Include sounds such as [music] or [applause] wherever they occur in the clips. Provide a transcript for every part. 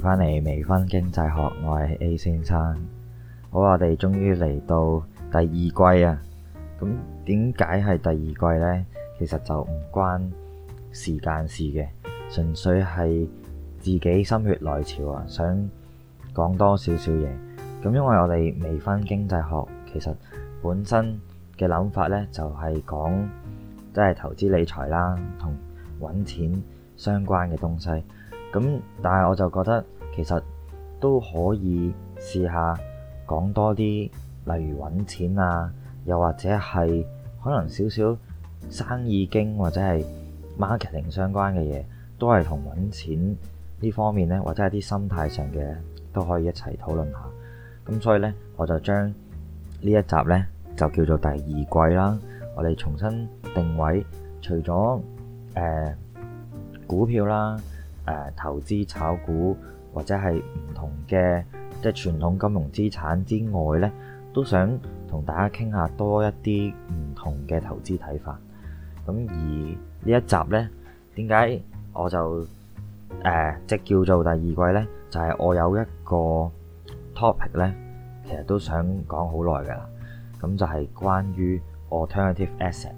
返嚟微醺經濟學，我係 A 先生。好，我哋終於嚟到第二季啊！咁點解係第二季呢？其實就唔關時間事嘅，純粹係自己心血來潮啊，想講多少少嘢。咁因為我哋微醺經濟學，其實本身嘅諗法呢，就係、是、講即係、就是、投資理財啦，同揾錢相關嘅東西。咁但係我就覺得。其實都可以試下講多啲，例如揾錢啊，又或者係可能少少生意經或者係 marketing 相關嘅嘢，都係同揾錢呢方面呢，或者係啲心態上嘅，都可以一齊討論下。咁所以呢，我就將呢一集呢，就叫做第二季啦。我哋重新定位，除咗、呃、股票啦、呃，投資炒股。或者係唔同嘅，即係傳統金融資產之外呢，都想同大家傾下多一啲唔同嘅投資睇法。咁而呢一集呢，點解我就、呃、即叫做第二季呢？就係、是、我有一個 topic 呢，其實都想講好耐噶啦。咁就係關於 alternative asset，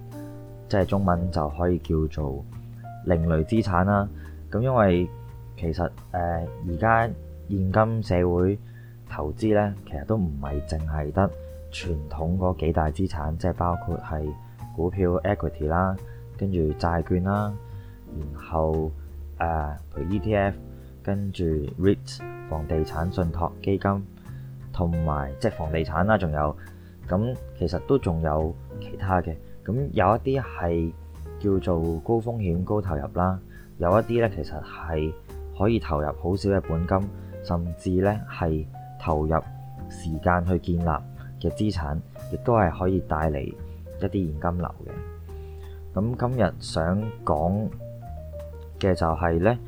即係中文就可以叫做另類資產啦。咁因為其實誒，而家現今社會投資咧，其實都唔係淨係得傳統嗰幾大資產，即係包括係股票 Equity 啦，跟住債券啦，然後誒，譬如 ETF，跟住 REITs，房地產信託基金，同埋即係房地產啦，仲有咁其實都仲有其他嘅，咁有一啲係叫做高風險高投入啦，有一啲咧其實係。可以投入好少嘅本金，甚至呢，係投入時間去建立嘅資產，亦都係可以帶嚟一啲現金流嘅。咁今日想講嘅就係呢：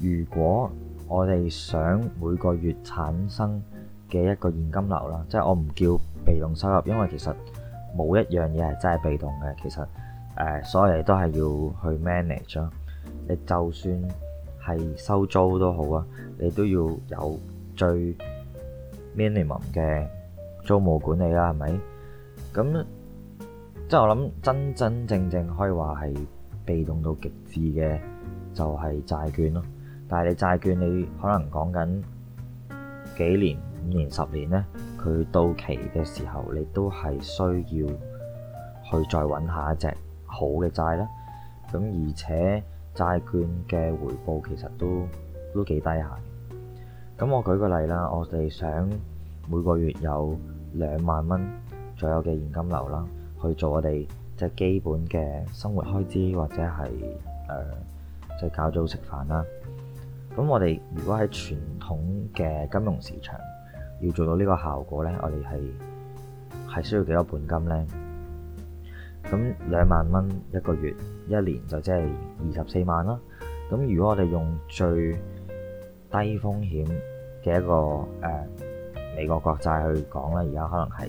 如果我哋想每個月產生嘅一個現金流啦，即係我唔叫被動收入，因為其實冇一樣嘢係真係被動嘅。其實誒、呃，所有嘢都係要去 manage。你就算。係收租都好啊，你都要有最 minimum 嘅租務管理啦，係咪？咁即係我諗，真真正正可以話係被動到極致嘅就係債券咯。但係你債券，你可能講緊幾年、五年、十年咧，佢到期嘅時候，你都係需要去再揾下一隻好嘅債啦。咁而且債券嘅回報其實都都幾低下嘅，咁我舉個例啦，我哋想每個月有兩萬蚊左右嘅現金流啦，去做我哋即係基本嘅生活開支或者係誒即係較早食飯啦。咁、呃、我哋如果喺傳統嘅金融市場要做到呢個效果呢，我哋係係需要幾多本金呢？咁兩萬蚊一個月。一年就即係二十四萬啦。咁如果我哋用最低風險嘅一個誒美國國債去講咧，而家可能係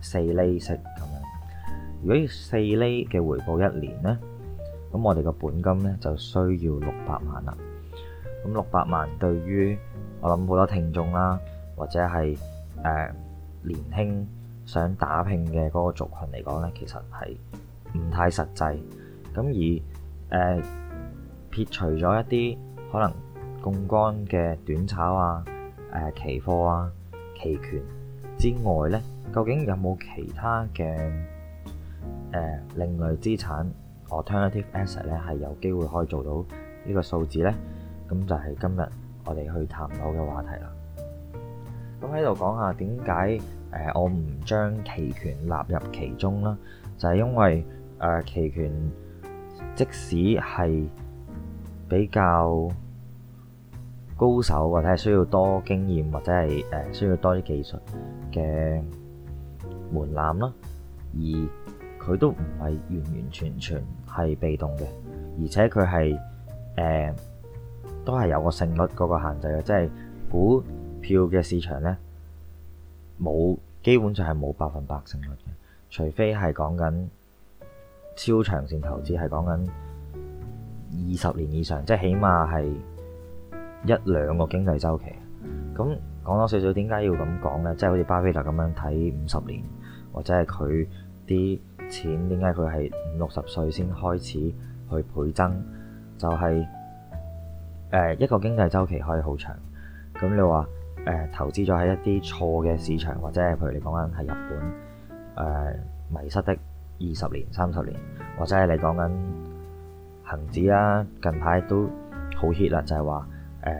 四厘息咁樣。如果四厘嘅回報一年咧，咁我哋嘅本金咧就需要六百萬啦。咁六百萬對於我諗好多聽眾啦，或者係誒年輕想打拼嘅嗰個族群嚟講咧，其實係唔太實際。咁而、呃、撇除咗一啲可能槓桿嘅短炒啊、呃、期貨啊、期權之外呢，究竟有冇其他嘅、呃、另類資產 （alternative asset） 咧，係有機會可以做到呢個數字呢？咁就係今日我哋去探討嘅話題啦。咁喺度講下點解我唔將期權納入其中啦。就係、是、因為、呃、期權。即使係比較高手，或者係需要多經驗，或者係誒需要多啲技術嘅門檻啦，而佢都唔係完完全全係被動嘅，而且佢係誒都係有個勝率嗰個限制嘅，即係股票嘅市場咧，冇，基本上係冇百分百勝率嘅，除非係講緊，超長線投資係講緊二十年以上，即係起碼係一兩個經濟周期。咁講多少少，點解要咁講呢？即係好似巴菲特咁樣睇五十年，或者係佢啲錢點解佢係五六十歲先開始去倍增，就係誒一個經濟周期可以好長。咁你話誒投資咗喺一啲錯嘅市場，或者係譬如你講緊係日本誒迷失的。二十年、三十年，或者係你講緊恒指啦，近排都好 hit 啦，就係話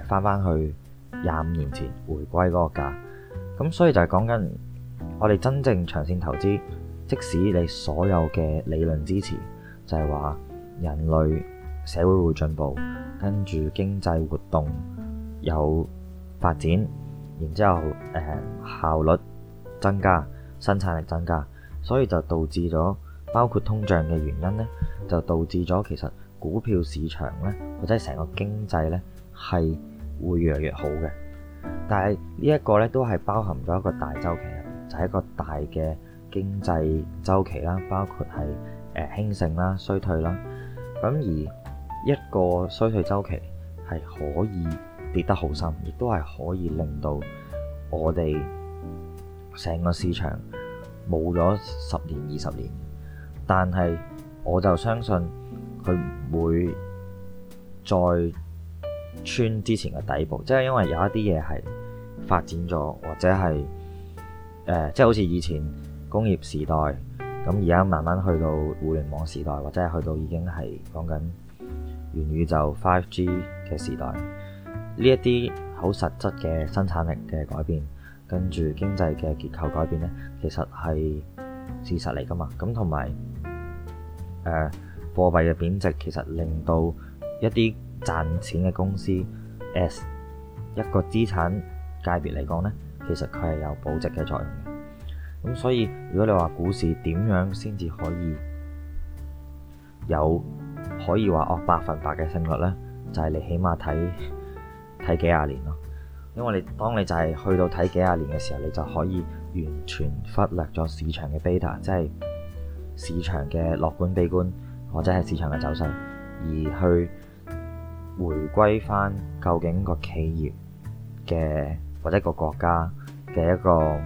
返返去廿五年前回歸嗰個價，咁所以就係講緊我哋真正長線投資，即使你所有嘅理論支持，就係話人類社會會進步，跟住經濟活動有發展，然之後效率增加、生產力增加，所以就導致咗。包括通脹嘅原因呢，就導致咗其實股票市場呢，或者成個經濟呢，係會越嚟越好嘅。但係呢一個呢，都係包含咗一個大周期入邊，就係一個大嘅經濟周期啦，包括係誒興盛啦、衰退啦。咁而一個衰退周期係可以跌得好深，亦都係可以令到我哋成個市場冇咗十年、二十年。但係，我就相信佢唔會再穿之前嘅底部，即係因為有一啲嘢係發展咗，或者係、呃、即係好似以前工業時代，咁而家慢慢去到互聯網時代，或者去到已經係講緊元宇宙、5G 嘅時代，呢一啲好實質嘅生產力嘅改變，跟住經濟嘅結構改變呢，其實係事實嚟噶嘛，咁同埋。誒、呃、貨幣嘅貶值其實令到一啲賺錢嘅公司 as 一個資產界別嚟講呢，其實佢係有保值嘅作用嘅。咁所以如果你話股市點樣先至可以有可以話哦百分百嘅勝率呢？就係、是、你起碼睇睇幾廿年咯。因為你當你就係去到睇幾廿年嘅時候，你就可以完全忽略咗市場嘅 beta，即、就、係、是。市場嘅樂觀、悲觀，或者係市場嘅走勢，而去回歸翻究竟個企業嘅，或者個國家嘅一個誒、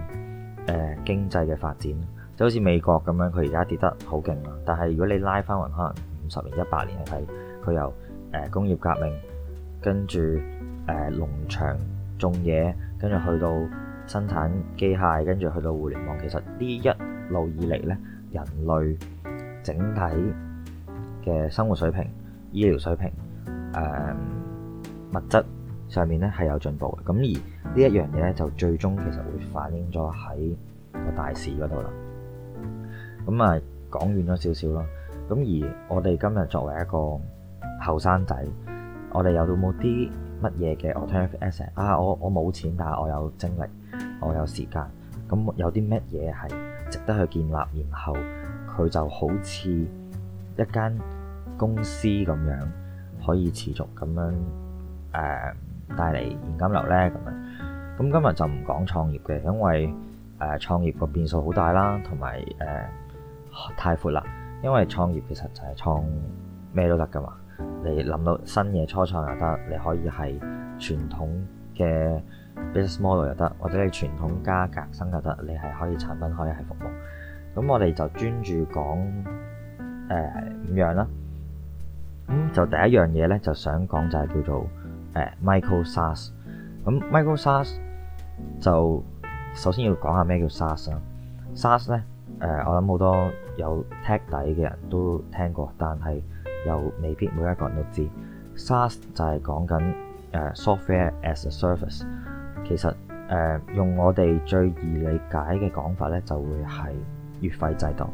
呃、經濟嘅發展，就好似美國咁樣，佢而家跌得好勁啊。但係如果你拉翻雲，可能五十年、一百年嚟睇佢由誒工業革命跟住誒農場種嘢，跟住去到生產機械，跟住去到互聯網，其實呢一路以嚟呢。人類整體嘅生活水平、醫療水平、誒物質上面咧係有進步嘅，咁而呢一樣嘢咧就最終其實會反映咗喺個大市嗰度啦。咁啊講遠咗少少咯，咁而我哋今日作為一個後生仔，我哋有到冇啲乜嘢嘅？我 alternative assets 啊，我我冇錢，但係我有精力，我有時間，咁有啲乜嘢係？值得去建立，然後佢就好似一間公司咁樣，可以持續咁樣帶嚟、呃、現金流咧咁樣。咁今日就唔講創業嘅，因為誒創、呃、業個變數好大啦，同埋、呃、太闊啦。因為創業其實就係創咩都得噶嘛，你諗到新嘢初創又得，你可以係傳統嘅。business model 又得，或者你傳統加革新又得，你係可以產品，可以係服務。咁我哋就專注講誒咁樣啦。咁、嗯、就第一樣嘢咧，就想講就係叫做 micro SaaS。咁 micro SaaS 就首先要講下咩叫 SaaS。SaaS 咧、呃、我諗好多有 tag 底嘅人都聽過，但係又未必每一個人都知。SaaS 就係講緊 software as a service。其實，呃、用我哋最易理解嘅講法咧，就會係月費制度。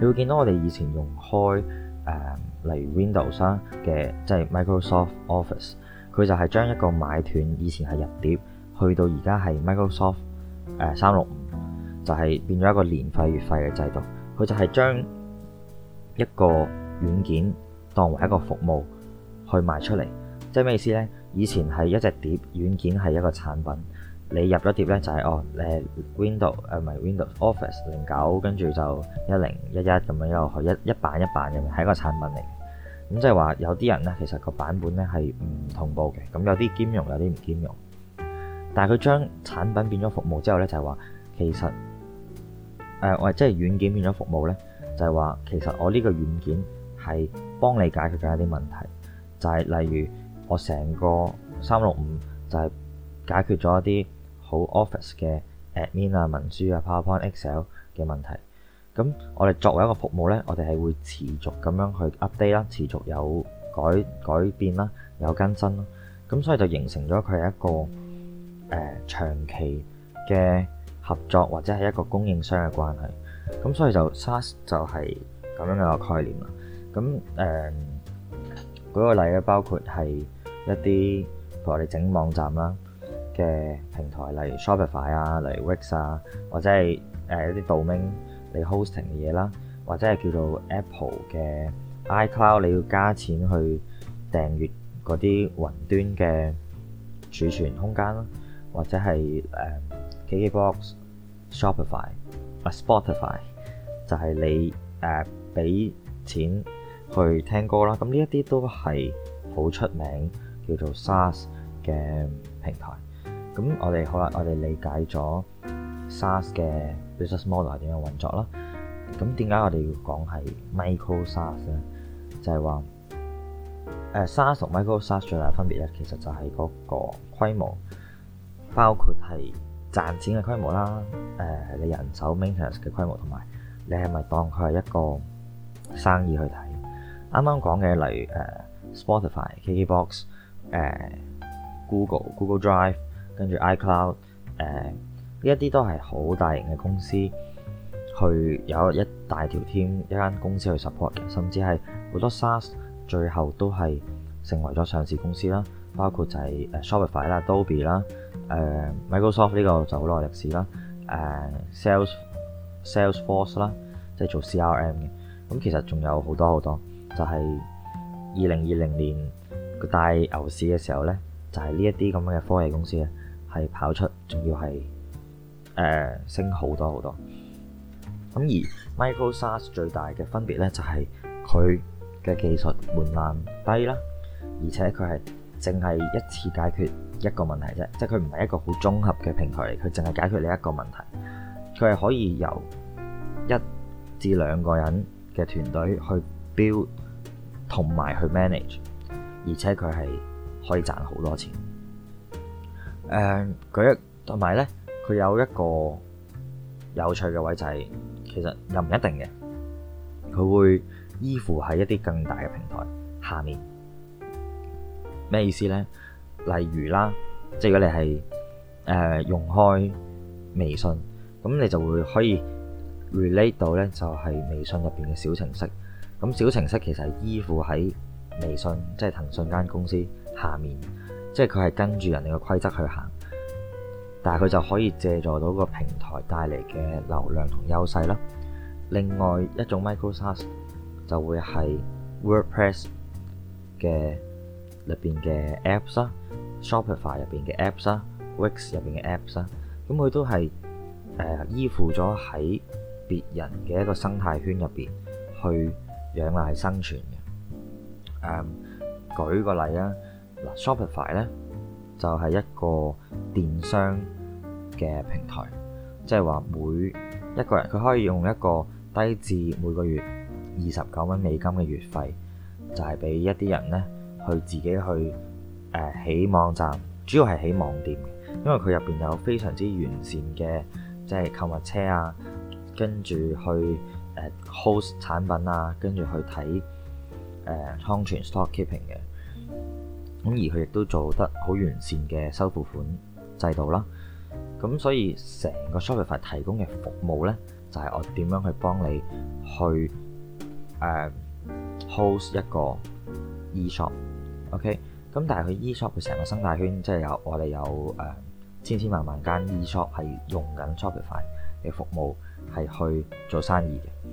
你會見到我哋以前用開、呃、例如 Windows 啊嘅，即係 Microsoft Office，佢就係將一個買斷，以前係入碟，去到而家係 Microsoft 誒、呃、三六五，365，就係變咗一個年費月費嘅制度。佢就係將一個軟件當為一個服務去賣出嚟，即係咩意思呢？以前係一隻碟，軟件係一個產品。你入咗碟咧就係、是、哦，誒 Windows 唔係 Windows Office 零九，跟住就一零、一一咁樣一路去一一版一版咁樣，係一個產品嚟。咁即係話有啲人咧，其實個版本咧係唔同步嘅。咁有啲兼容，有啲唔兼容。但係佢將產品變咗服務之後咧、呃，就係話其實誒，我即係軟件變咗服務咧，就係話其實我呢個軟件係幫你解決緊一啲問題，就係、是、例如。我成個三六五就係解決咗一啲好 Office 嘅 admin 啊、文書啊、PowerPoint、Excel 嘅問題。咁我哋作為一個服務咧，我哋係會持續咁樣去 update 啦，持續有改改變啦，有更新咯。咁所以就形成咗佢係一個誒、呃、長期嘅合作或者係一個供應商嘅關係。咁所以就 SaaS 就係咁樣嘅概念啦。咁誒舉個例咧，包括係。一啲譬如你整網站啦嘅平台，例如 Shopify 啊，例如 Wix 啊，或者係一啲道 o 你 hosting 嘅嘢啦，或者係叫做 Apple 嘅 iCloud，你要加錢去訂閱嗰啲雲端嘅儲存空間啦，或者係誒 g i g b o x Shopify 啊 Spotify，啊 Spotify，就係你誒俾錢去聽歌啦。咁呢一啲都係好出名。叫做 SaaS 嘅平台，咁我哋好啦，我哋理解咗 SaaS 嘅 business model 係點樣運作啦。咁點解我哋要講係 micro SaaS 咧？就係、是、話 SaaS 同 micro SaaS 最大分別咧，其實就係嗰個規模，包括係賺錢嘅規模啦、呃，你人手 maintenance 嘅規模，同埋你係咪當佢係一個生意去睇？啱啱講嘅例如、呃、Spotify、KKBox。誒，Google、Google Drive，跟住 iCloud，誒呢一啲都係好大型嘅公司佢有一大條 team，一間公司去 support 嘅，甚至係好多 SaaS 最後都係成為咗上市公司啦，包括就係誒 Shopify 啦、Adobe 啦、誒 Microsoft 呢個就好耐歷史啦，誒 Sales Salesforce 啦，即係做 CRM 嘅，咁其實仲有好多好多，就係二零二零年。個大牛市嘅時候呢，就係呢一啲咁嘅科技公司咧，係跑出，仲要係誒、呃、升好多好多。咁而 Micro SaaS 最大嘅分別呢，就係佢嘅技術門檻低啦，而且佢係淨係一次解決一個問題啫，即係佢唔係一個好綜合嘅平台嚟，佢淨係解決你一個問題。佢係可以由一至兩個人嘅團隊去 build 同埋去 manage。而且佢係可以賺好多錢，誒、嗯，佢一同埋咧，佢有，有一個有趣嘅位就係、是，其實又唔一定嘅，佢會依附喺一啲更大嘅平台下面。咩意思咧？例如啦，即係如果你係誒、呃、用開微信，咁你就會可以 relate 到咧，就係微信入邊嘅小程式。咁小程式其實係依附喺。微信即係騰訊間公司下面，即係佢係跟住人哋嘅規則去行，但係佢就可以借助到個平台帶嚟嘅流量同優勢啦。另外一種 Micro SaaS 就會係 WordPress 嘅裏邊嘅 Apps 啦，Shopify 入邊嘅 Apps 啦，Wix 入邊嘅 Apps 啦、啊，咁佢、啊、都係誒依附咗喺別人嘅一個生態圈入邊去仰賴生存。誒、um，舉個例啊，Shopify 咧就係、是、一個電商嘅平台，即係話每一個人佢可以用一個低至每個月二十九蚊美金嘅月費，就係、是、俾一啲人呢去自己去、呃、起網站，主要係起網店，因為佢入邊有非常之完善嘅即係購物車啊，跟住去 host 產品啊，跟住去睇。誒、啊、倉存 stock keeping 嘅，咁而佢亦都做得好完善嘅收付款制度啦。咁所以成個 Shopify 提供嘅服務咧，就係、是、我點樣去幫你去誒、啊、host 一個 eShop，OK？、Okay? 咁但係佢 eShop 嘅成個生態圈即係、就是、有我哋有誒千千萬萬間 eShop 係用緊 Shopify 嘅服務，係去做生意嘅。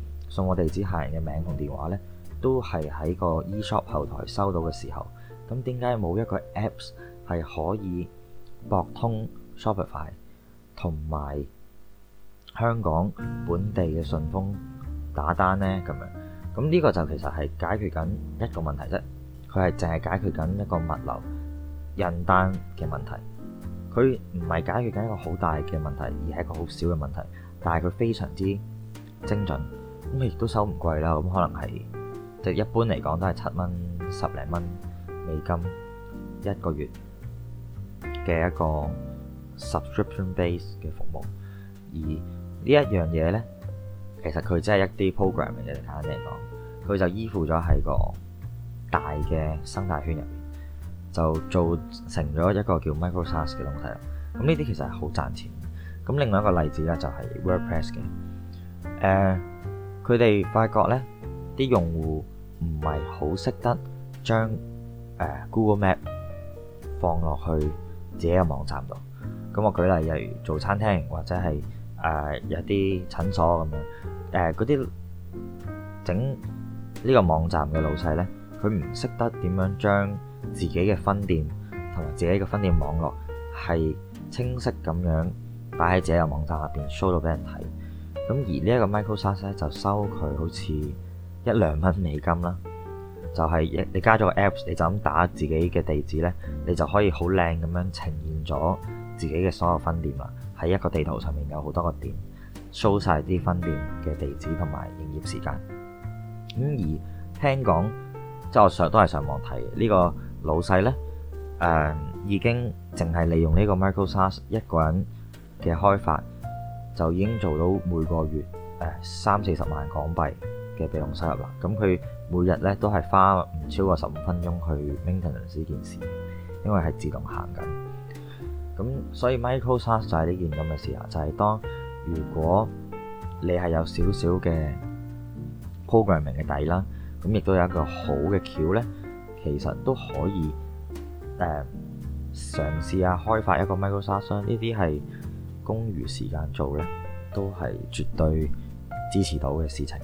送我地址、客人嘅名同電話呢，都係喺個 eShop 後台收到嘅時候。咁點解冇一個 Apps 係可以駁通 Shopify 同埋香港本地嘅順豐打單呢？咁樣，咁呢個就其實係解決緊一個問題啫。佢係淨係解決緊一個物流印單嘅問題，佢唔係解決緊一個好大嘅問題，而係一個好小嘅問題，但係佢非常之精準。咁亦都收唔貴啦，咁可能係即一般嚟講都係七蚊十零蚊美金一個月嘅一個 subscription base 嘅服務。而這呢一樣嘢咧，其實佢真係一啲 program 嘅。簡單嚟講，佢就依附咗喺個大嘅生態圈入面，就做成咗一個叫 Micro SaaS 嘅東西啦。咁呢啲其實係好賺錢。咁另外一個例子咧就係 WordPress 嘅，誒、uh，佢哋發覺咧，啲用戶唔係好識得將誒 Google Map 放落去自己嘅網站度。咁我舉例，例如做餐廳或者係誒有啲診所咁樣，誒嗰啲整呢個網站嘅老細咧，佢唔識得點樣將自己嘅分店同埋自己嘅分店網絡係清晰咁樣擺喺自己嘅網站下邊 show 到俾人睇。咁而呢一,、就是、一個 Micro SaaS 咧就收佢好似一兩蚊美金啦，就係你加咗個 Apps 你就咁打自己嘅地址咧，你就可以好靚咁樣呈現咗自己嘅所有分店啦。喺一個地圖上面有好多個店，show 晒啲分店嘅地址同埋營業時間，咁而聽講，即係我上都係上網睇呢、這個老細咧，誒、嗯、已經淨係利用呢個 Micro SaaS 一個人嘅開發。就已經做到每個月誒三四十萬港幣嘅備用收入啦。咁佢每日咧都係花唔超過十五分鐘去 maintain 呢件事，因為係自動行緊。咁所以 micro SaaS 就係呢件咁嘅事啊。就係、是、當如果你係有少少嘅 programming 嘅底啦，咁亦都有一個好嘅橋咧，其實都可以誒嘗試下開發一個 micro SaaS。呢啲係。公餘時間做呢，都係絕對支持到嘅事情。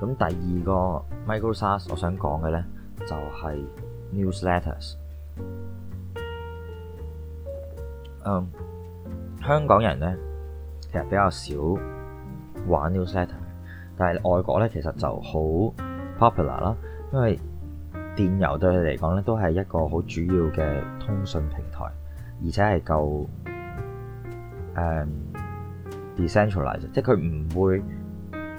咁第二個 Micro SaaS 我想講嘅呢，就係、是、newsletters。嗯、um,，香港人呢，其實比較少玩 newsletter，但係外國呢，其實就好 popular 啦，因為電郵對佢嚟講呢，都係一個好主要嘅通訊平台，而且係夠。誒、um, decentralize，即係佢唔會，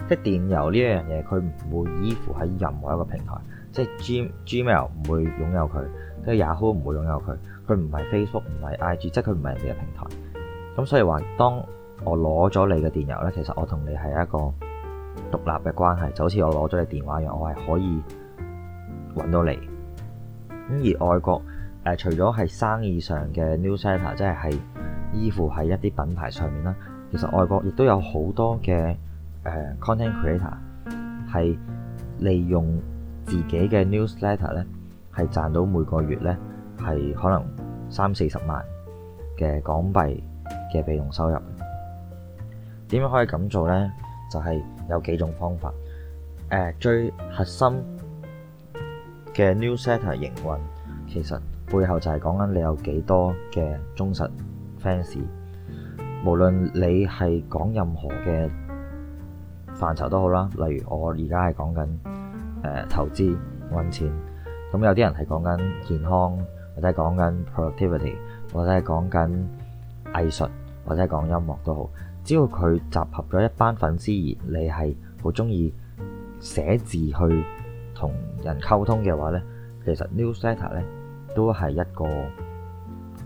即係電郵呢樣嘢，佢唔會依附喺任何一個平台，即係 G Gmail 唔會擁有佢，即係 Yahoo 唔會擁有佢，佢唔係 Facebook，唔係 IG，即係佢唔係人哋嘅平台。咁所以話，當我攞咗你嘅電郵咧，其實我同你係一個獨立嘅關係，就好似我攞咗你電話一樣，我係可以揾到你。咁而外國誒、呃，除咗係生意上嘅 newsletter，即係係。依附喺一啲品牌上面啦，其實外國亦都有好多嘅誒 content creator 係利用自己嘅 newsletter 咧，係賺到每個月咧係可能三四十萬嘅港幣嘅備用收入。點樣可以咁做咧？就係有幾種方法。誒最核心嘅 newsletter 營運，其實背後就係講緊你有幾多嘅忠實。fans，無論你係講任何嘅範疇都好啦，例如我而家係講緊誒投資揾錢，咁有啲人係講緊健康，或者係講緊 productivity，或者係講緊藝術，或者係講音樂都好，只要佢集合咗一班粉絲而你係好中意寫字去同人溝通嘅話呢，其實 Newsletter 咧都係一個，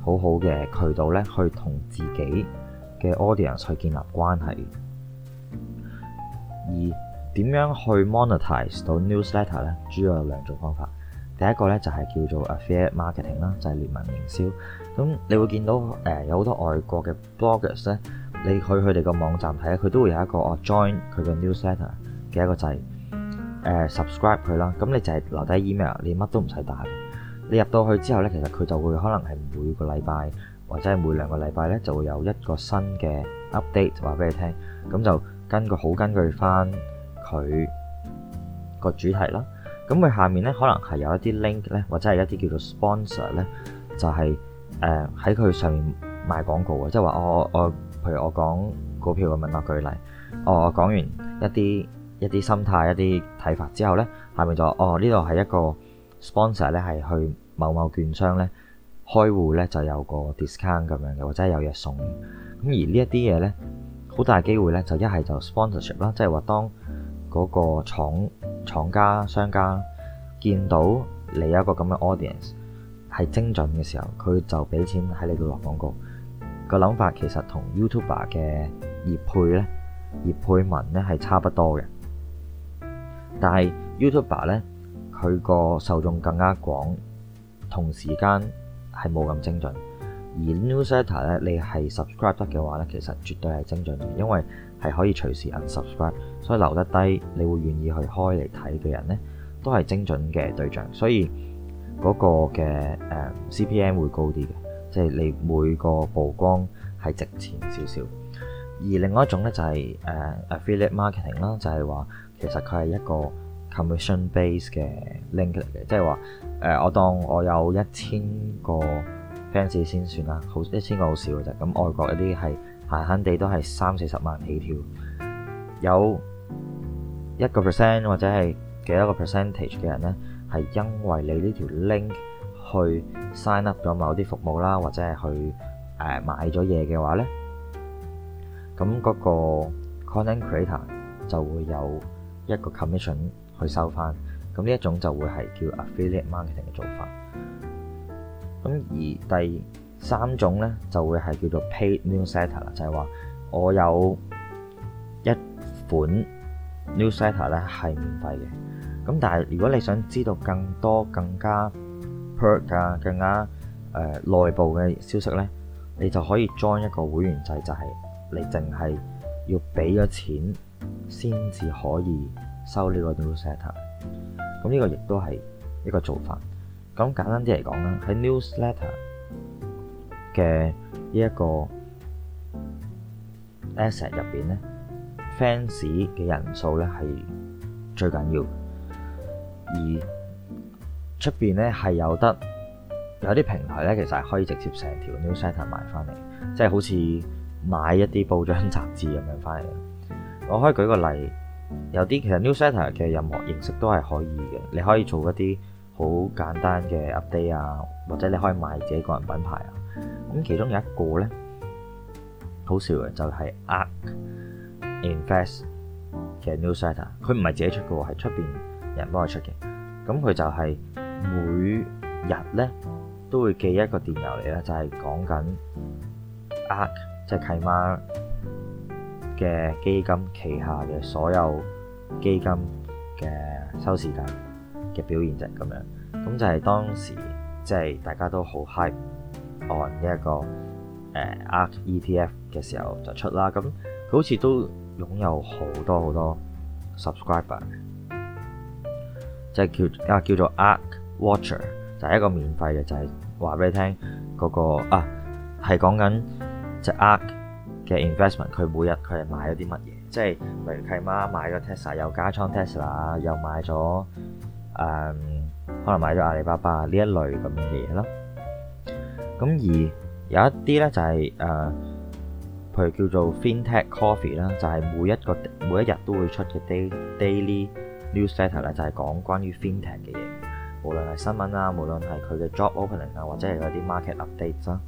好好嘅渠道咧，去同自己嘅 Audience 去建立關係。而點樣去 Monetize 到 Newsletter 咧，主要有兩種方法。第一個咧就係叫做 Affiliate Marketing 啦，就係聯盟營銷。咁你會見到誒有好多外國嘅 Bloggers 咧，你去佢哋個網站睇咧，佢都會有一個 Join 佢嘅 Newsletter 嘅一個掣係誒、呃、Subscribe 佢啦，咁你就係留低 email，你乜都唔使打。你入到去之後呢，其實佢就會可能係每個禮拜或者係每兩個禮拜呢，就會有一個新嘅 update 話俾你聽。咁就根據好根據返佢個主題啦。咁佢下面呢可能係有一啲 link 呢，或者係一啲叫做 sponsor 呢，就係誒喺佢上面賣廣告嘅，即係話我我譬如我講股票嘅問話舉例，我我講完一啲一啲心態一啲睇法之後呢，下面就哦呢度係一個 sponsor 呢係去。某某券商咧開戶咧就有個 discount 咁樣嘅，或者有嘢送。咁而呢一啲嘢咧，好大機會咧就一係 sp 就 sponsorship 啦，即係話當嗰個廠廠家商家見到你有一個咁嘅 audience 係精準嘅時候，佢就俾錢喺你度落廣告。個諗法其實同 YouTuber 嘅業配咧，業配文咧係差不多嘅，但係 YouTuber 咧佢個受眾更加廣。同時間係冇咁精準，而 Newsletter 咧，你係 subscribe 得嘅話咧，其實絕對係精準嘅，因為係可以隨時 unsubscribe，所以留得低，你會願意去開嚟睇嘅人咧，都係精準嘅對象，所以嗰個嘅誒 CPM 會高啲嘅，即係你每個曝光係值錢少少。而另外一種咧就係誒 affiliate marketing 啦，就係話其實佢係一個 commission base 嘅 link 嚟嘅，即係話。誒，我當我有一千個 fans 先算啦，好一千個好少嘅啫。咁外國一啲係閒閒地都係三四十萬起跳，有一個 percent 或者係幾多個 percentage 嘅人咧，係因為你呢條 link 去 sign up 咗某啲服務啦，或者係去誒買咗嘢嘅話咧，咁、那、嗰個 content creator 就會有一個 commission 去收翻。咁呢一種就會係叫 affiliate marketing 嘅做法。咁而第三種咧就會係叫做 paid newsletter 啦，就係話我有一款 newsletter 咧係免費嘅。咁但係如果你想知道更多、更加 perk 㗎、更加誒內部嘅消息咧，你就可以 join 一個會員制，就係、是、你淨係要俾咗錢先至可以收呢個 newsletter。咁呢個亦都係一個做法。咁簡單啲嚟講啦，喺 newsletter 嘅呢一個 asset 入邊咧，fans 嘅人數咧係最緊要的。而出邊咧係有得有啲平台咧，其實係可以直接成條 newsletter 買翻嚟，即係好似買一啲報章雜誌咁樣翻嚟。我可以舉個例。有啲其實 Newsletter 嘅任何形式都係可以嘅，你可以做一啲好簡單嘅 update 啊，或者你可以賣自己個人品牌啊。咁其中有一個咧好笑嘅就係 ARK Invest 嘅 Newsletter，佢唔係自己出嘅，係出邊人幫佢出嘅。咁佢就係每日咧都會寄一個電郵嚟咧，就係講緊 ARK 即係契媽。嘅基金旗下嘅所有基金嘅收市價嘅表現就係咁樣，咁就係當時即係大家都好 high on 呢一個誒、呃、ARK ETF 嘅時候就出啦。咁佢好似都擁有好多好多 subscriber，即係、就是、叫啊叫做 ARK Watcher，就係一個免費嘅，就係話俾你聽、那、嗰個啊，係講緊隻 ARK。嘅 investment，佢每日佢係買咗啲乜嘢？即係例如契媽買咗 Tesla，又加倉 Tesla，又買咗誒、嗯，可能買咗阿里巴巴呢一類咁嘅嘢啦。咁而有一啲咧就係、是呃、譬如叫做 FinTech Coffee 啦，就係每一個每一日都會出嘅 daily newsletter 就係講關於 FinTech 嘅嘢，無論係新聞啊，無論係佢嘅 job opening 啊，或者係有啲 market update 啦，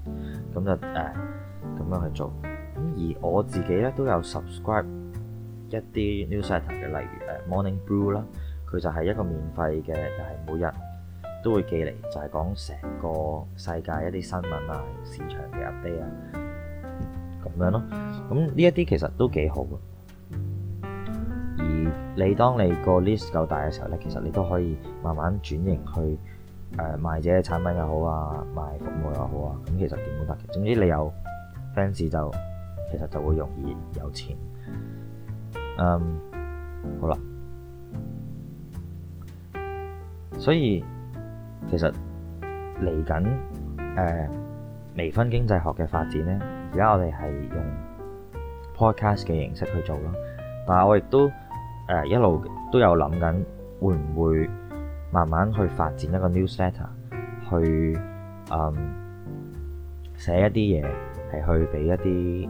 咁就誒咁樣去做。而我自己咧都有 subscribe 一啲 newsletter 嘅，例如 Morning Brew 啦，佢就係一個免費嘅，就係、是、每日都會寄嚟，就係講成個世界一啲新聞啊、市場嘅 update 啊，咁、嗯、樣咯、啊。咁呢一啲其實都幾好嘅。而你當你個 list 夠大嘅時候咧，其實你都可以慢慢轉型去誒、呃、賣自己嘅產品又好啊，賣服務又好啊，咁其實點都得嘅。總之你有 fans 就。其實就會容易有錢。嗯，好啦。所以其實嚟緊誒微醺經濟學嘅發展咧，而家我哋係用 podcast 嘅形式去做咯。但係我亦都、呃、一路都有諗緊，會唔會慢慢去發展一個 newsletter 去嗯、呃、寫一啲嘢係去俾一啲。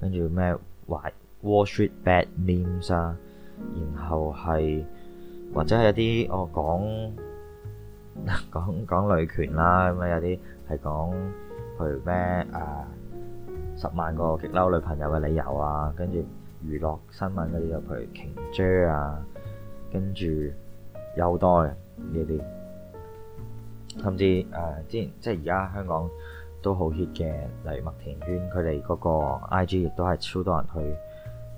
跟住咩？壞 Wall Street Bad Names 啊，然後係或者係有啲我講講講女權啦，咁有啲係講譬如咩，啊、十萬個激嬲女朋友嘅理由啊，跟住娛樂新聞嗰啲又譬如瓊姐啊，跟住有好多嘅呢啲，甚至誒、啊、之前即係而家香港。都好 hit 嘅，例如麥田圈佢哋嗰個 IG 亦都係超多人去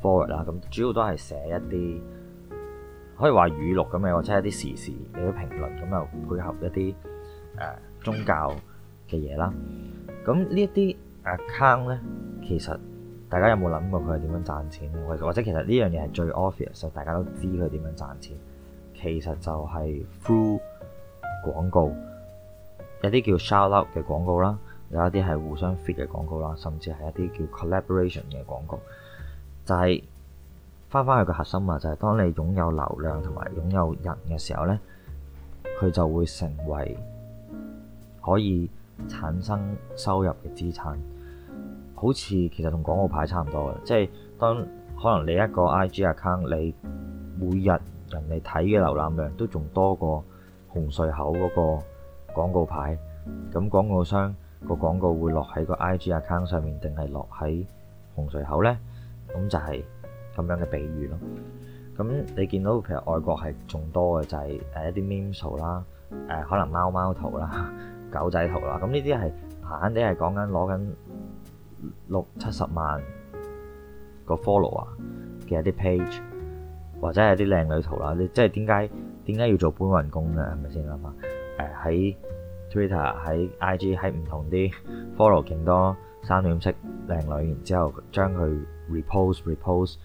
forward 啦。咁主要都係寫一啲可以話語錄咁嘅，或者一啲時事嘅評論咁，又配合一啲誒、呃、宗教嘅嘢啦。咁呢一啲 account 咧，其實大家有冇諗過佢係點樣賺錢？或者其實呢樣嘢係最 obvious，大家都知佢點樣賺錢。其實就係 through 廣告，有啲叫 shout out 嘅廣告啦。有一啲係互相 fit 嘅廣告啦，甚至係一啲叫 collaboration 嘅廣告，就係返返去個核心啊，就係、是、當你擁有流量同埋擁有人嘅時候呢，佢就會成為可以產生收入嘅資產。好似其實同廣告牌差唔多嘅，即係當可能你一個 I G account 你每日人哋睇嘅瀏覽量都仲多過紅隧口嗰個廣告牌，咁廣告商。個廣告會落喺個 IG account 上面，定係落喺紅隧口咧？咁就係咁樣嘅比喻咯。咁你見到其實外國係仲多嘅，就係、誒、一啲 memes 啦、呃，可能貓貓圖啦、狗仔圖啦。咁呢啲係閒閒地係講緊攞緊六七十萬個 follow 啊嘅一啲 page，或者係啲靚女圖啦。你即係點解點解要做搬運工嘅？係咪先諗下？喺、呃 Twitter 喺 IG 喺唔同啲 follow 勁多三點式靚女，然之後將佢 repost repost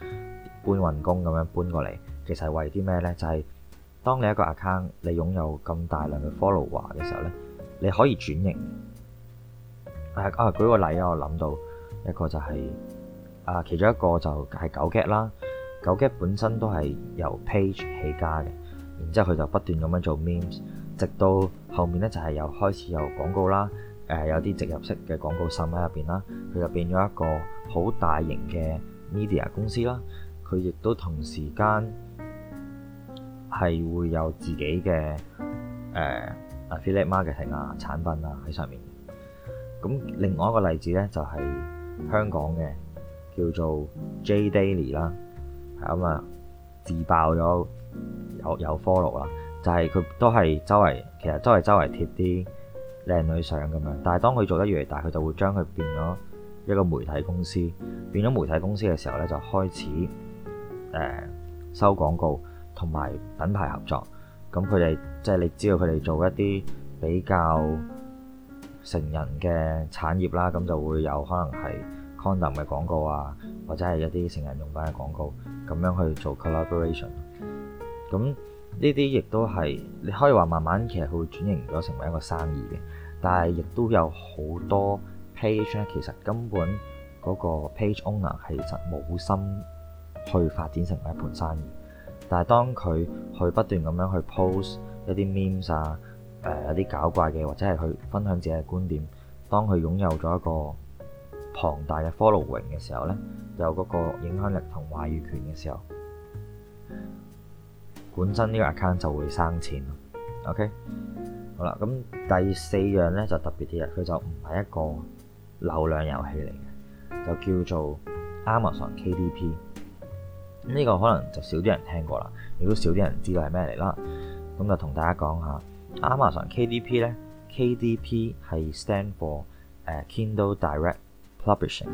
搬運工咁樣搬過嚟，其實係為啲咩呢？就係當你一個 account 你擁有咁大量嘅 follow 話嘅時候呢，你可以轉型。啊！舉個例啊，我諗到一個就係啊，其中一個就係 9GAG 啦。9GAG 本身都係由 page 起家嘅，然之後佢就不斷咁樣做 meme。直到後面咧，就係又開始有廣告啦，誒有啲植入式嘅廣告滲喺入面啦，佢入面有一個好大型嘅 media 公司啦，佢亦都同時間係會有自己嘅誒、呃、affiliate marketing 產品啊喺上面。咁另外一個例子咧，就係香港嘅叫做 J Daily 啦，係咁啊自爆咗有有 follow 啦。就係佢都係周圍，其實周圍周圍貼啲靚女相咁樣。但係當佢做得越嚟越大，佢就會將佢變咗一個媒體公司，變咗媒體公司嘅時候咧，就開始誒、呃、收廣告同埋品牌合作。咁佢哋即係你知道佢哋做一啲比較成人嘅產業啦，咁就會有可能係 condom 嘅廣告啊，或者係一啲成人用品嘅廣告咁樣去做 collaboration。咁呢啲亦都係你可以話慢慢其實佢會轉型咗成為一個生意嘅，但係亦都有好多 page 呢，其實根本嗰個 page owner 係實冇心去發展成為一盤生意。但係當佢去不斷咁樣去 post 一啲 memes 啊，誒、一啲搞怪嘅，或者係佢分享自己嘅觀點，當佢擁有咗一個龐大嘅 following 嘅時候咧，有嗰個影響力同話語權嘅時候。本身呢個 account 就會生錢，OK？好啦，咁第四樣咧就特別啲啊，佢就唔係一個流量遊戲嚟嘅，就叫做 Amazon KDP。呢個可能就少啲人聽過啦，亦都少啲人知道係咩嚟啦。咁就同大家講下 Amazon KDP 咧，KDP 係 stand for 誒 Kindle Direct Publishing。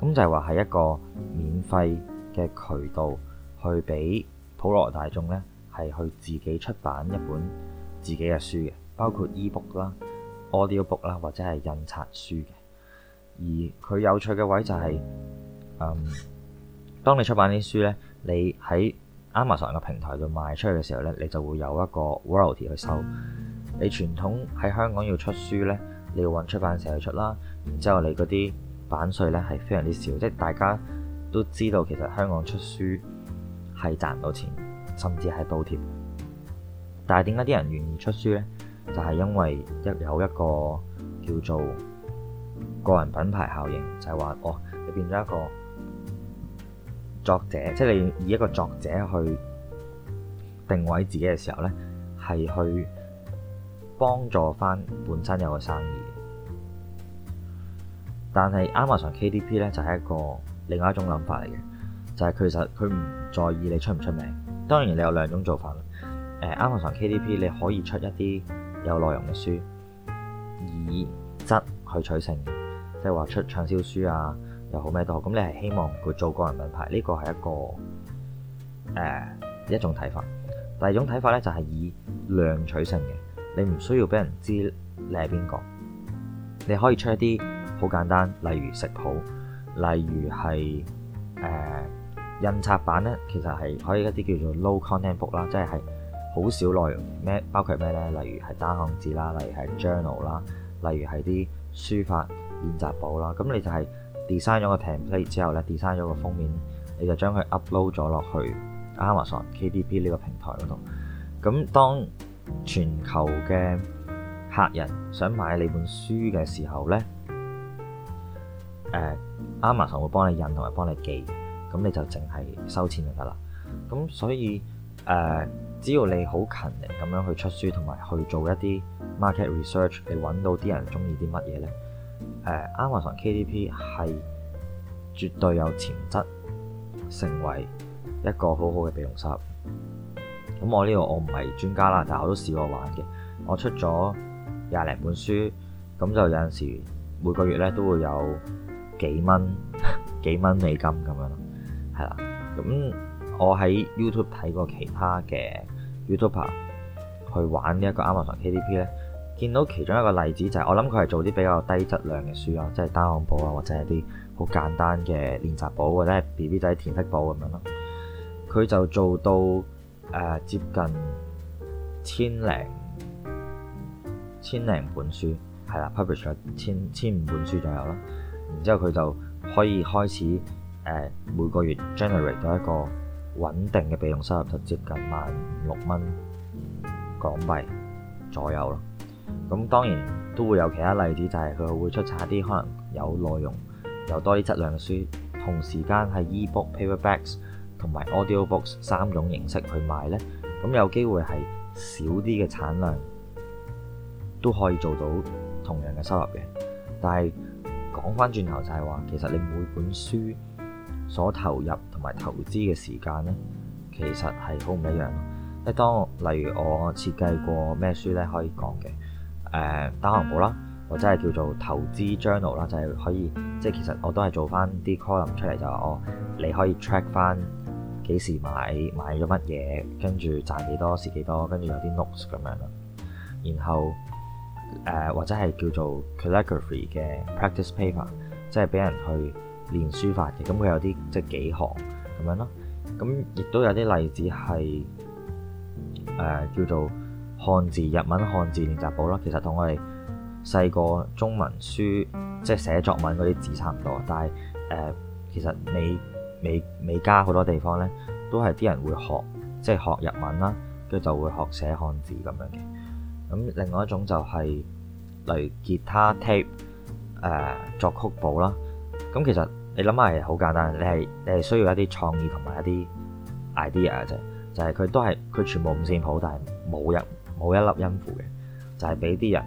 咁就係話係一個免費嘅渠道去俾普羅大眾咧，係去自己出版一本自己嘅書嘅，包括 ebook 啦、book, audio book 啦，或者係印刷書嘅。而佢有趣嘅位就係、是，嗯，當你出版啲書呢，你喺 Amazon 嘅平台度賣出去嘅時候呢，你就會有一個 Royalty 去收。你傳統喺香港要出書呢，你要揾出版社去出啦，然之後你嗰啲版稅呢，係非常之少，即係大家都知道其實香港出書。係賺唔到錢，甚至係倒貼。但係點解啲人願意出書呢？就係因為一有一個叫做個人品牌效應，就係話哦，你變咗一個作者，即係你以一個作者去定位自己嘅時候呢，係去幫助翻本身有個生意。但係 Amazon KDP 呢，就係一個另外一種諗法嚟嘅。就係其實佢唔在意你出唔出名，當然你有兩種做法。誒啱啱上 KDP 你可以出一啲有內容嘅書，以質去取勝，即係話出暢銷書啊，又好咩都好。咁你係希望佢做個人品牌，呢、呢個係一個誒、呃、一種睇法。第二種睇法呢，就係以量取勝嘅，你唔需要俾人知你係邊個，你可以出一啲好簡單，例如食譜，例如係誒。呃印刷版咧，其實係可以一啲叫做 low content book 啦，即係係好少內容咩？包括咩咧？例如係單行紙啦，例如係 journal 啦，例如係啲書法練習簿啦。咁你就係 design 咗個 template 之後咧，design 咗個封面，你就將佢 upload 咗落去 Amazon KDP 呢個平台嗰度。咁當全球嘅客人想買你本書嘅時候咧，呃，Amazon 會幫你印同埋幫你寄。咁你就淨係收錢就得啦。咁所以誒、呃，只要你好勤力咁樣去出書同埋去做一啲 market research，你揾到啲人中意啲乜嘢呢？Amazon KDP 係絕對有潛質成為一個好好嘅備用室。咁我呢度我唔係專家啦，但我都試過玩嘅。我出咗廿零本書，咁就有陣時每個月咧都會有幾蚊幾蚊美金咁樣。係啦，咁我喺 YouTube 睇過其他嘅 YouTuber 去玩呢一個 Amazon KDP 咧，見到其中一個例子就係、是、我諗佢係做啲比較低質量嘅書咯，即係單行簿啊，或者係啲好簡單嘅練習簿或者 BB 仔填色簿咁樣咯。佢就做到誒、呃、接近千零千零本書，係啦，publish 咗千千五本書左右啦。然之後佢就可以開始。誒每個月 generate 到一個穩定嘅備用收入，就接近萬六蚊港幣左右咯。咁當然都會有其他例子，就係、是、佢會出產一啲可能有內容有多啲質量嘅書，同時間喺 e-book、paperbacks 同埋 audio books 三種形式去賣呢。咁有機會係少啲嘅產量都可以做到同樣嘅收入嘅。但係講翻轉頭就係話，其實你每本書。所投入同埋投資嘅時間呢，其實係好唔一樣，即係當例如我設計過咩書呢，可以講嘅，誒、呃、單行簿啦，或者係叫做投資 journal 啦，就係可以即係其實我都係做翻啲 column 出嚟，就話哦，你可以 track 翻幾時買買咗乜嘢，跟住賺幾多蝕幾多，跟住有啲 notes 咁樣啦。然後、呃、或者係叫做 calligraphy 嘅 practice paper，即係俾人去練書法嘅，咁佢有啲即係幾行咁樣咯，咁亦都有啲例子係誒、呃、叫做漢字日文漢字練習簿啦，其實同我哋細個中文書即係、就是、寫作文嗰啲字差唔多，但係誒、呃、其實美美美加好多地方咧，都係啲人會學即係、就是、學日文啦，跟住就會學寫漢字咁樣嘅。咁另外一種就係、是、例如吉他 tape 誒、呃、作曲簿啦，咁其實。你諗下係好簡單，你係你係需要一啲創意同埋一啲 idea 啫，就係、是、佢都係佢全部五線譜，但係冇一冇一粒音符嘅，就係俾啲人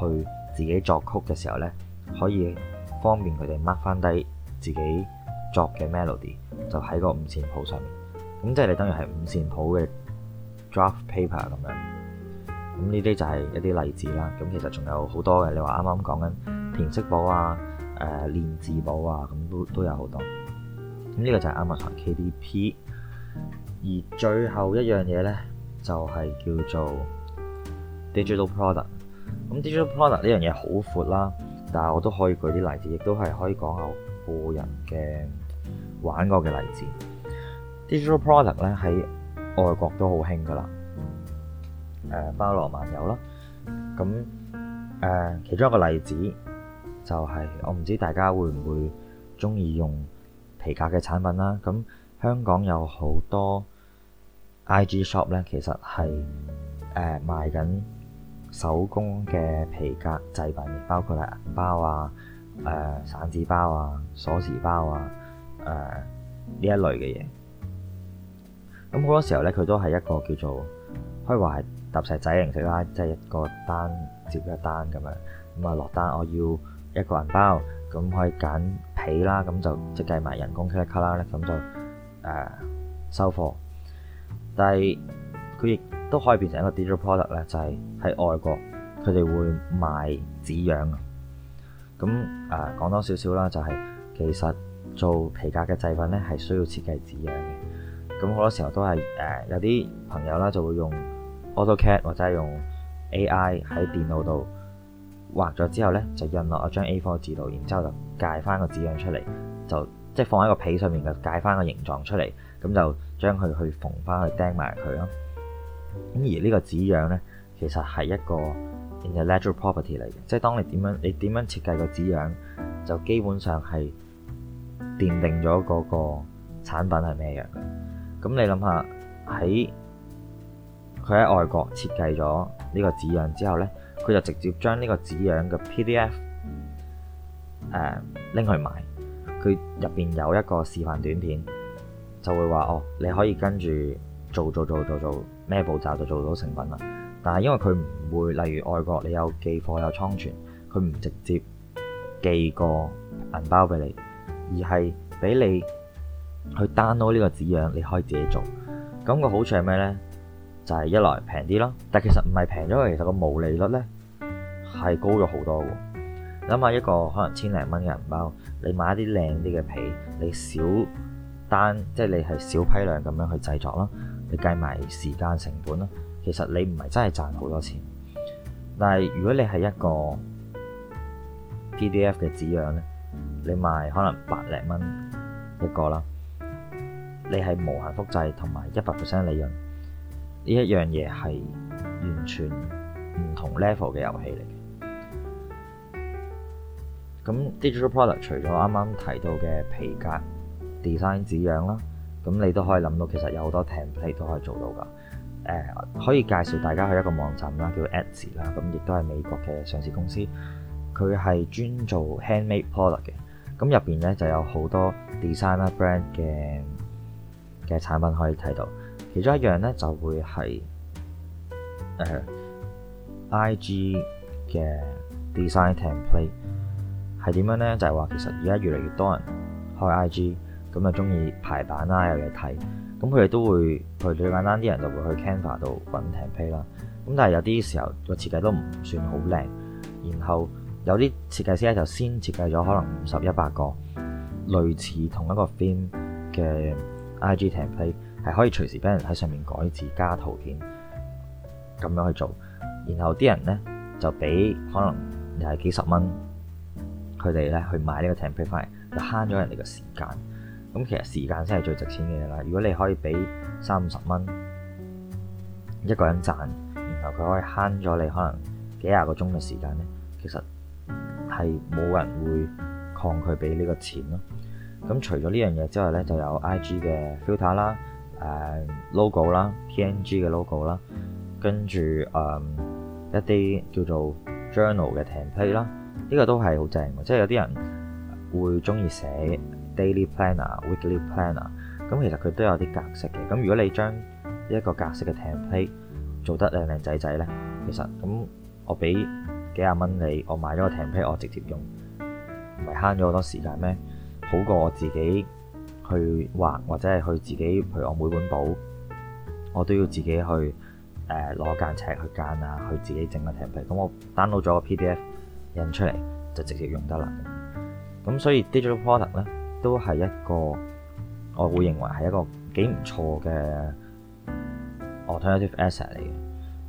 去自己作曲嘅時候咧，可以方便佢哋 mark 翻低自己作嘅 melody，就喺個五線譜上面，咁即係你等於係五線譜嘅 draft paper 咁樣。咁呢啲就係一啲例子啦，咁其實仲有好多嘅，你話啱啱講緊填色簿啊。誒、啊、練字簿啊，咁都都有好多。咁呢個就係 Amazon KDP。而最後一樣嘢咧，就係、是、叫做 digital product。咁 digital product 呢樣嘢好闊啦，但係我都可以舉啲例子，亦都係可以講下我個人嘅玩過嘅例子。 [laughs] digital product 咧喺外國都好興噶啦，誒、啊、包羅萬有啦。咁誒、啊、其中一個例子，就係、是、我唔知道大家會唔會中意用皮革嘅產品啦。咁香港有好多 IG shop 咧，其實係誒、呃、賣緊手工嘅皮革製品，包括啦銀包啊、誒、呃、散紙包啊、鎖匙包啊、誒、呃、呢一類嘅嘢。咁好多時候咧，佢都係一個叫做可以話係揼石仔嘅形式啦，即係一個單接一單咁樣。咁啊落單，我要一個銀包，咁可以揀皮啦，咁就即係計埋人工㗎啦，咧，咁就誒收貨。但係佢亦都可以變成一個 digital product 咧、呃，就係喺外國佢哋會賣紙樣啊。咁誒講多少少啦，就係其實做皮革嘅製品咧，係需要設計紙樣嘅。咁好多時候都係誒、呃、有啲朋友啦，就會用 AutoCAD 或者係用 AI 喺電腦度。畫咗之後咧，就印落一張 A4 紙度，然之後就界翻個紙樣出嚟，就即係、就是、放喺個皮上面就界翻個形狀出嚟，咁就將佢去縫翻去釘埋佢咯。咁而呢個紙樣咧，其實係一個 intellectual property 嚟嘅，即係當你點樣你點樣設計個紙樣，就基本上係奠定咗嗰個產品係咩樣嘅。咁你諗下喺佢喺外國設計咗呢個紙樣之後咧，佢就直接將呢個紙樣嘅 PDF 拎、嗯、去賣，佢入邊有一個示範短片，就會話哦，你可以跟住做做做做做咩步驟就做到成品啦。但係因為佢唔會，例如外國你有寄貨有倉存，佢唔直接寄個銀包俾你，而係俾你去 download 呢個紙樣，你可以自己做。咁個好處係咩呢？就係、係、一來平啲咯，但其實唔係平，因為其實個毛利率呢，係高咗好多嘅，諗下一個可能千零蚊嘅銀包，你買一啲靚啲嘅皮，你少單，即、就、係、是、你係小批量咁樣去製作啦，你計埋時間成本啦，其實你唔係真係賺好多錢。但係如果你係一個 PDF 嘅紙樣咧，你賣可能百零蚊一個啦，你係無限複製同埋一百 percent 利潤，呢一樣嘢係完全唔同 level 嘅遊戲嚟嘅。咁 digital product 除咗啱啱提到嘅皮革 design 紙樣啦，咁你都可以諗到，其實有好多 template 都可以做到噶、呃。可以介紹大家去一個網站 s, 啦，叫 Etsy 啦，咁亦都係美國嘅上市公司，佢係專做 handmade product 嘅。咁入面咧就有好多 designer brand 嘅嘅產品可以睇到，其中一樣咧就會係、呃、IG 嘅 design template。係點樣呢？就係話其實而家越嚟越多人開 IG，咁啊中意排版啦，有嘢睇。咁佢哋都會，佢最簡單啲人就會去 Canva 度揾 template 啦。咁但係有啲時候個設計都唔算好靚。然後有啲設計師咧就先設計咗可能五十一百個類似同一個 theme 嘅 IG template，m 係可以隨時俾人喺上面改字加圖片咁樣去做。然後啲人呢，就俾可能又係幾十蚊。佢哋咧去買呢個 template 翻嚟，就慳咗人哋嘅時間。咁其實時間先係最值錢嘅嘢啦。如果你可以俾三五十蚊一個人賺，然後佢可以慳咗你可能幾廿個鐘嘅時，時間咧，其實係冇人會抗拒俾呢個錢咯。咁除咗呢樣嘢之外咧，就有 IG 嘅 filter 啦、呃、誒 logo 啦、PNG 嘅 logo 啦，跟住誒一啲叫做 journal 嘅 template 啦。呢個都係好正，即係有啲人會中意寫 daily planner、weekly planner，咁其實佢都有啲格式嘅。咁如果你將一個格式嘅 template 做得靚靚仔仔呢，其實咁我俾幾廿蚊你，我買咗個 template，我直接用，唔係慳咗好多時間咩？好過我自己去畫，或者係去自己譬如我每本簿，我都要自己去誒攞間尺去間啊，去自己整個 template。咁我 download 咗個 PDF。印出嚟就直接用得啦。咁所以 digital product 咧都係一個，我會認為係一個幾唔錯嘅 alternative asset 嚟嘅。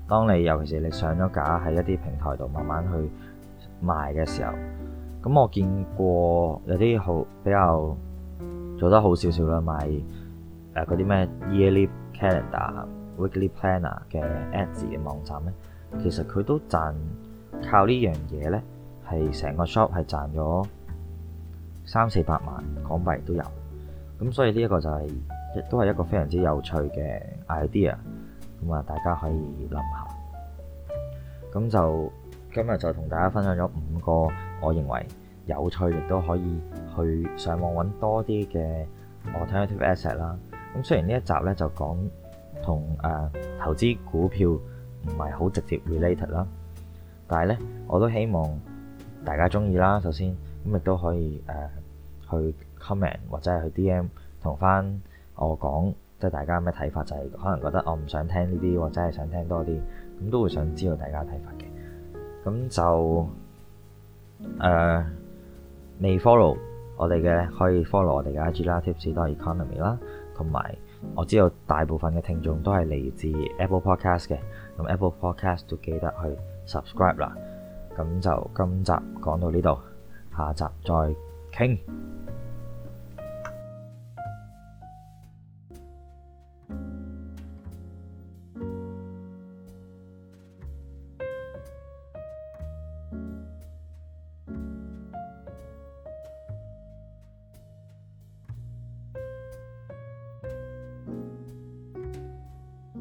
當你尤其是你上咗架喺一啲平台度慢慢去賣嘅時候，咁我見過有啲好比較做得好少少啦，賣嗰啲咩 yearly calendar、呃、yearly calendar、weekly planner 嘅 ads 嘅網站咧，其實佢都賺靠這件事呢樣嘢咧，係成個 shop 係賺咗三四百萬港幣都有，咁所以呢一個就係亦都係一個非常之有趣嘅 idea。咁啊，大家可以諗下。咁就今日就同大家分享咗五個，我認為有趣，亦都可以去上網揾多啲嘅 alternative asset 啦。咁雖然呢一集咧就講同、啊、投資股票唔係好直接 related 啦，但係咧我都希望。大家中意啦，首先咁亦都可以、呃、去 comment 或者係去 DM 同翻我講，即係大家有咩睇法，就係、是、可能覺得我唔想聽呢啲，或者係想聽多啲，咁都會想知道大家睇法嘅。咁就、呃、未 follow 我哋嘅，可以 follow 我哋嘅 IG 啦 Tipsy Economy 啦，同埋我知道大部分嘅聽眾都係嚟自 Apple Podcast 嘅，咁 Apple Podcast 就記得去 subscribe 啦。咁就今集講到呢度，下集再傾。